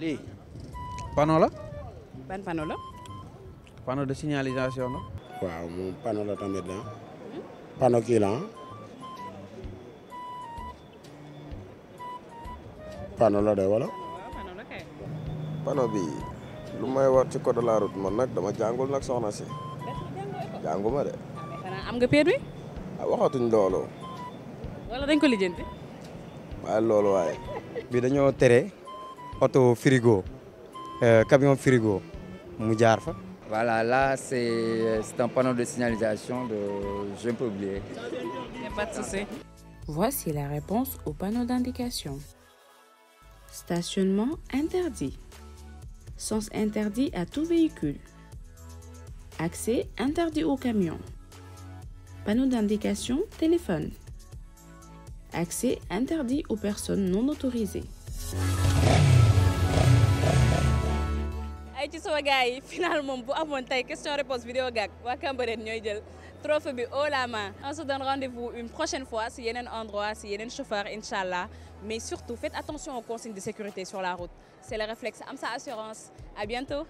li panneau la. ban panneau la. panneau de signalisation la. waaw panola panneau la tamit ah. panneau kii la panneau la de wala. panneau bi lu may war ci code la route man nag dama jàngul nag soxna si. jànguma de. Ah, am nga permis. ah waxatuñ loolu. wala dañ ko lijjanti. waaye bi dañoo tere. auto frigo euh, camion frigo voilà là euh, c'est un panneau de signalisation de j'ai un peu oublié. pas de souci. Voici la réponse au panneau d'indication. Stationnement interdit. Sens interdit à tout véhicule. Accès interdit au camion. Panneau d'indication téléphone. Accès interdit aux personnes non autorisées. Finalement, ci sama gars final question réponse vidéo gars. Wa trophée bi haut la main on se donne rendez-vous une prochaine fois si un endroit si un chauffeur Inch'Allah. mais surtout faites attention aux consignes de sécurité sur la route c'est le réflexe am assurance à bientôt